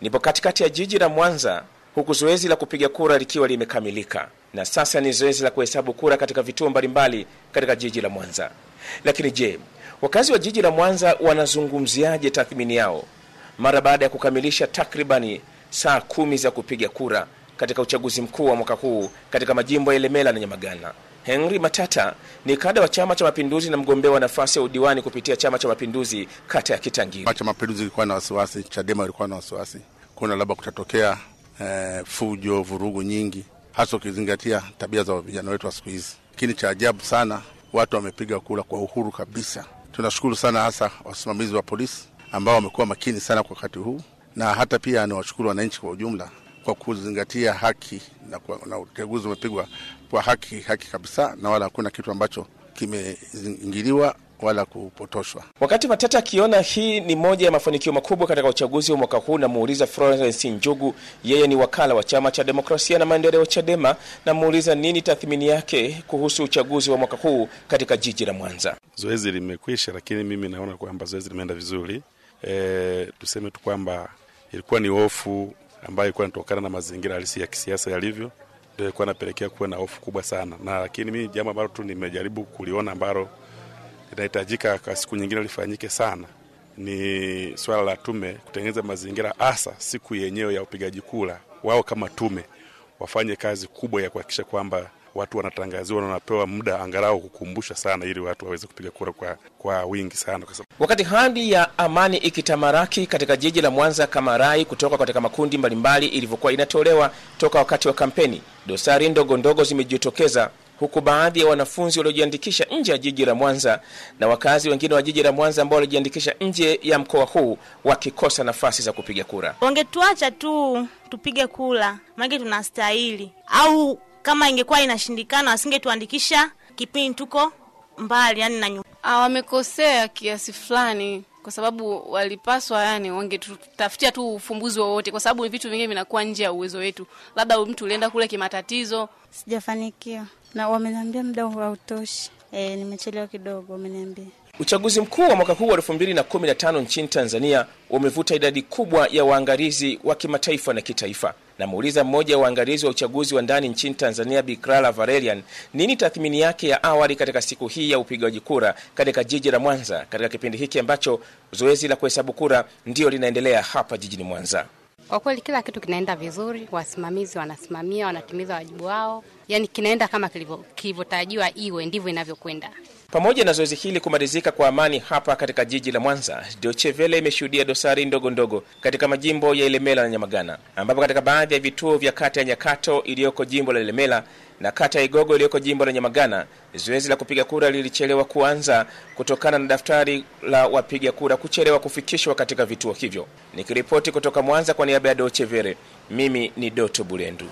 Nipo katikati ya jiji la Mwanza, huku zoezi la kupiga kura likiwa limekamilika na sasa ni zoezi la kuhesabu kura katika vituo mbalimbali katika jiji la Mwanza. Lakini je, wakazi wa jiji la Mwanza wanazungumziaje tathmini yao mara baada ya kukamilisha takribani saa kumi za kupiga kura katika uchaguzi mkuu wa mwaka huu katika majimbo ya Ilemela na Nyamagana? Henry Matata ni kada wa Chama cha Mapinduzi na mgombea wa nafasi ya udiwani kupitia Chama cha Mapinduzi kata ya Kitangiri. Chama cha Mapinduzi ilikuwa na wasiwasi, Chadema ilikuwa na wasiwasi, kuna labda kutatokea eh, fujo, vurugu nyingi, hasa ukizingatia tabia za vijana wetu wa siku hizi. Lakini cha ajabu sana, watu wamepiga kura kwa uhuru kabisa. Tunashukuru sana, hasa wasimamizi wa polisi ambao wamekuwa makini sana kwa wakati huu, na hata pia ni washukuru wananchi kwa ujumla kwa kuzingatia haki na, kwa, na uchaguzi umepigwa kwa haki haki kabisa, na wala hakuna kitu ambacho kimeingiliwa wala kupotoshwa. Wakati Matata akiona hii ni moja ya mafanikio makubwa katika uchaguzi wa mwaka huu, namuuliza Florence Njugu, yeye ni wakala wa chama cha demokrasia na maendeleo CHADEMA, namuuliza nini tathmini yake kuhusu uchaguzi wa mwaka huu katika jiji la Mwanza. Zoezi limekwisha, lakini mimi naona kwamba zoezi limeenda vizuri. E, tuseme tu kwamba ilikuwa ni hofu ambayo ilikuwa inatokana na mazingira halisi ya kisiasa yalivyo, ndio ilikuwa inapelekea kuwa na hofu kubwa sana. Na lakini mimi jambo ambalo tu nimejaribu kuliona ambalo linahitajika kwa siku nyingine lifanyike sana ni swala la tume kutengeneza mazingira, hasa siku yenyewe ya upigaji kura, wao kama tume wafanye kazi kubwa ya kuhakikisha kwamba watu wanatangaziwa na wanapewa muda angalau kukumbusha sana, ili watu waweze kupiga kura kwa, kwa wingi sana, kwa sababu wakati hali ya amani ikitamaraki katika jiji la Mwanza kama rai kutoka katika makundi mbalimbali ilivyokuwa inatolewa toka wakati wa kampeni, dosari ndogo ndogo zimejitokeza huku baadhi ya wanafunzi waliojiandikisha nje ya jiji la Mwanza na wakazi wengine wa jiji la Mwanza ambao walijiandikisha nje ya mkoa huu wakikosa nafasi za kupiga kura. Wangetuacha tu tupige kura, maana tunastahili au kama ingekuwa inashindikana, wasingetuandikisha kipindi tuko mbali, yani na nyuma. Ah, wamekosea kiasi fulani kwa sababu walipaswa yani, wangetutafutia tu ufumbuzi wowote, kwa sababu vitu vingine vinakuwa nje ya uwezo wetu. Labda mtu ulienda kule kimatatizo. Sijafanikiwa na wameniambia muda hautoshi. E, nimechelewa kidogo, wameniambia. Uchaguzi mkuu wa mwaka huu wa elfu mbili na kumi na tano nchini Tanzania umevuta idadi kubwa ya waangalizi wa kimataifa na kitaifa. Namuuliza mmoja wa uangalizi wa uchaguzi wa ndani nchini Tanzania, Bikrala Varelian, nini tathmini yake ya awali katika siku hii ya upigaji kura katika jiji la Mwanza katika kipindi hiki ambacho zoezi la kuhesabu kura ndiyo linaendelea hapa jijini Mwanza? Kwa kweli kila kitu kinaenda vizuri, wasimamizi wanasimamia, wanatimiza wajibu wao, yani kinaenda kama kilivyotarajiwa iwe, ndivyo inavyokwenda. Pamoja na zoezi hili kumalizika kwa amani hapa katika jiji la Mwanza, Dochevele imeshuhudia dosari ndogo ndogo katika majimbo ya Ilemela na Nyamagana, ambapo katika baadhi ya vituo vya kata ya Nyakato iliyoko jimbo la Ilemela na kata ya Igogo iliyoko jimbo la Nyamagana, zoezi la kupiga kura lilichelewa kuanza kutokana na daftari la wapiga kura kuchelewa kufikishwa katika vituo hivyo. Nikiripoti kutoka Mwanza kwa niaba ya Dochevele, mimi ni Doto Bulendu.